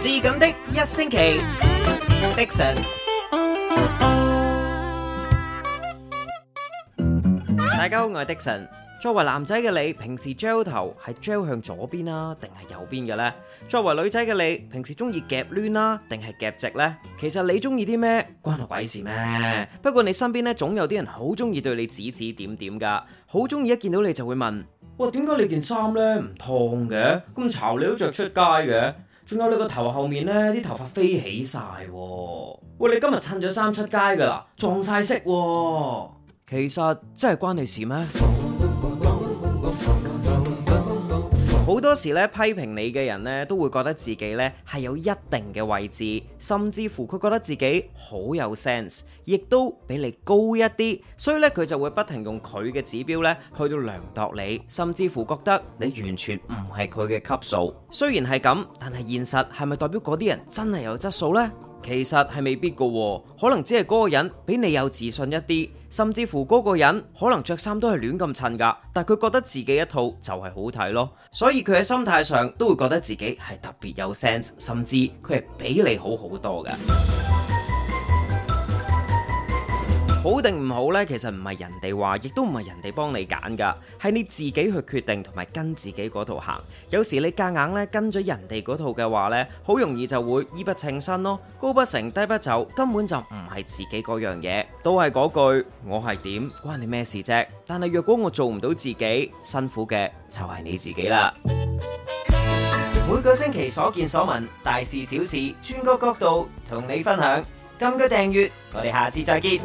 是咁的一星期 Dixon 大家好，我係 Dixon 作為男仔嘅你，平時 gel 頭係 gel 向左邊啦，定係右邊嘅呢？作為女仔嘅你，平時中意夾攣啦，定係夾直呢？其實你中意啲咩關我鬼事咩？不過你身邊呢，總有啲人好中意對你指指點點噶，好中意一見到你就會問：喂，點解你件衫呢唔燙嘅？咁潮你都着出街嘅？仲有你個頭後面呢啲頭髮飛起晒喎、哦！喂，你今日襯咗衫出街㗎喇，撞晒色喎、哦！其實真係關你事咩？好多時咧批評你嘅人咧都會覺得自己咧係有一定嘅位置，甚至乎佢覺得自己好有 sense，亦都比你高一啲，所以咧佢就會不停用佢嘅指標咧去到量度你，甚至乎覺得你完全唔係佢嘅級數。雖然係咁，但係現實係咪代表嗰啲人真係有質素呢？其實係未必噶，可能只係嗰個人比你有自信一啲，甚至乎嗰個人可能着衫都係亂咁襯噶，但佢覺得自己一套就係好睇咯，所以佢喺心態上都會覺得自己係特別有 sense，甚至佢係比你好好多噶。好定唔好呢？其實唔係人哋話，亦都唔係人哋幫你揀噶，係你自己去決定同埋跟自己嗰套行。有時你夾硬咧跟咗人哋嗰套嘅話呢，好容易就會衣不稱身咯，高不成低不就，根本就唔係自己嗰樣嘢。都係嗰句，我係點關你咩事啫？但係若果我做唔到自己，辛苦嘅就係你自己啦。每個星期所見所聞，大事小事，轉個角度同你分享。撳個訂閱，我哋下次再見。